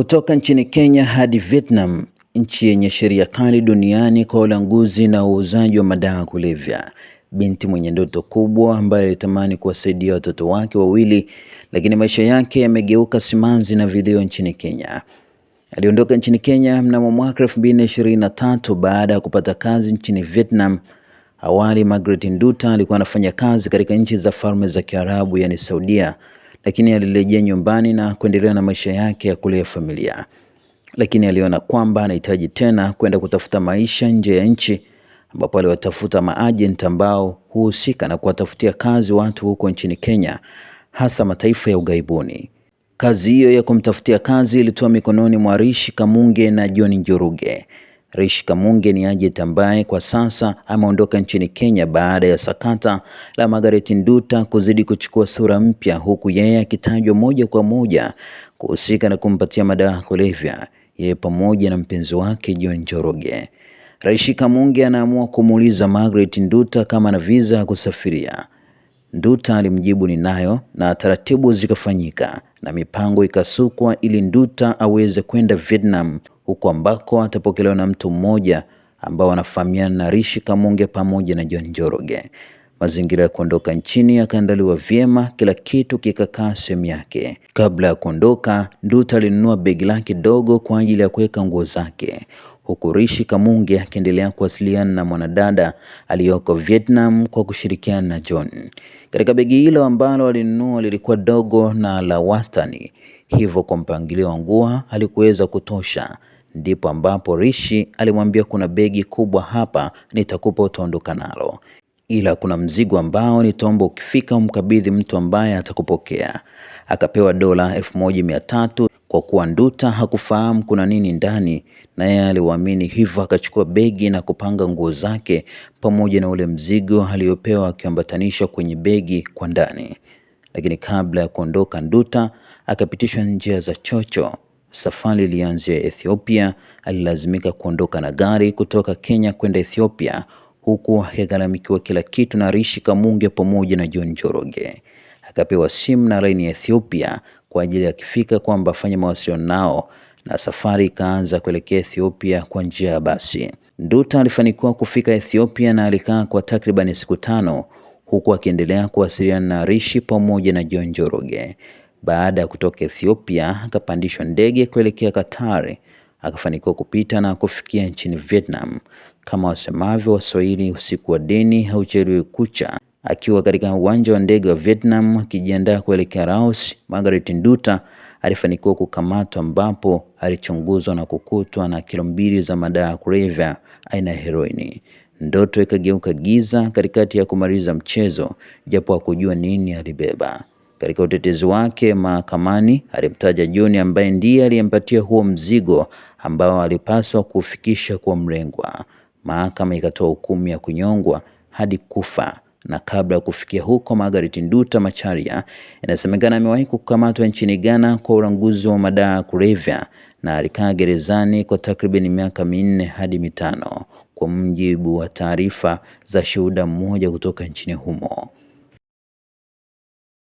Kutoka nchini Kenya hadi Vietnam, nchi yenye sheria kali duniani kwa ulanguzi na uuzaji wa madawa kulevya. Binti mwenye ndoto kubwa ambaye alitamani kuwasaidia watoto wake wawili, lakini maisha yake yamegeuka simanzi na vilio nchini Kenya. Aliondoka nchini Kenya mnamo mwaka 2023 baada ya kupata kazi nchini Vietnam. Awali Margaret Nduta alikuwa anafanya kazi katika nchi za Falme za Kiarabu, yani Saudia, lakini alirejea nyumbani na kuendelea na maisha yake ya kulea familia, lakini aliona kwamba anahitaji tena kwenda kutafuta maisha nje ya nchi, ambapo aliwatafuta maajenti ambao huhusika na kuwatafutia kazi watu huko nchini Kenya, hasa mataifa ya ughaibuni. Kazi hiyo ya kumtafutia kazi ilitoa mikononi mwa Rishi Kamunge na John Njoruge. Rish Kamunge ni ajenti ambaye kwa sasa ameondoka nchini Kenya baada ya sakata la Margaret Nduta kuzidi kuchukua sura mpya, huku yeye akitajwa moja kwa moja kuhusika na kumpatia madawa ya kulevya yeye pamoja na mpenzi wake John Njoroge. Rish Kamunge anaamua kumuuliza Margaret Nduta kama ana visa ya kusafiria. Nduta alimjibu ni nayo na taratibu zikafanyika na mipango ikasukwa ili Nduta aweze kwenda Vietnam huku ambako atapokelewa na mtu mmoja ambao wanafahamiana na Rishi Kamunge pamoja na John Njoroge. Mazingira ya kuondoka nchini yakaandaliwa vyema, kila kitu kikakaa sehemu yake. Kabla ya kuondoka, Nduta alinunua begi lake dogo kwa ajili ya kuweka nguo zake, huku Rishi Kamunge akiendelea kuwasiliana na mwanadada aliyoko Vietnam kwa kushirikiana na John. Katika begi hilo ambalo alinunua lilikuwa dogo na la wastani, hivyo kwa mpangilio wa nguo alikuweza kutosha Ndipo ambapo Rishi alimwambia kuna begi kubwa hapa, nitakupa utaondoka nalo, ila kuna mzigo ambao nitaomba ukifika umkabidhi mtu ambaye atakupokea. Akapewa dola elfu moja mia tatu kwa kuwa Nduta hakufahamu kuna nini ndani, na yeye aliwaamini hivyo, akachukua begi na kupanga nguo zake pamoja na ule mzigo aliyopewa akiambatanisha kwenye begi kwa ndani. Lakini kabla ya kuondoka, Nduta akapitishwa njia za chocho Safari ilianzia Ethiopia. Alilazimika kuondoka na gari kutoka Kenya kwenda Ethiopia, huku akigharamikiwa kila kitu na Rishi Kamunge pamoja na John Njoroge. Akapewa simu na laini ya Ethiopia kwa ajili ya akifika kwamba afanye mawasiliano nao, na safari ikaanza kuelekea Ethiopia kwa njia ya basi. Nduta alifanikiwa kufika Ethiopia na alikaa kwa takribani siku tano huku akiendelea kuwasiliana na Rishi pamoja na John Njoroge. Baada ya kutoka Ethiopia, akapandishwa ndege kuelekea Qatar, akafanikiwa kupita na kufikia nchini Vietnam. Kama wasemavyo Waswahili, usiku wa deni hauchelewi kucha. Akiwa katika uwanja wa ndege wa Vietnam akijiandaa kuelekea Laos, Margaret Nduta alifanikiwa kukamatwa ambapo alichunguzwa na kukutwa na kilo mbili za madawa ya kulevya aina ya heroini. Ndoto ikageuka giza katikati ya kumaliza mchezo, japo hakujua nini alibeba. Katika utetezi wake mahakamani, alimtaja John ambaye ndiye aliyempatia huo mzigo ambao alipaswa kufikisha kwa mlengwa. Mahakama ikatoa hukumu ya kunyongwa hadi kufa na kabla ya kufikia huko, Margaret Nduta Macharia inasemekana amewahi kukamatwa nchini Ghana kwa ulanguzi wa madawa ya kulevya na alikaa gerezani kwa takriban miaka minne hadi mitano, kwa mujibu wa taarifa za shuhuda mmoja kutoka nchini humo.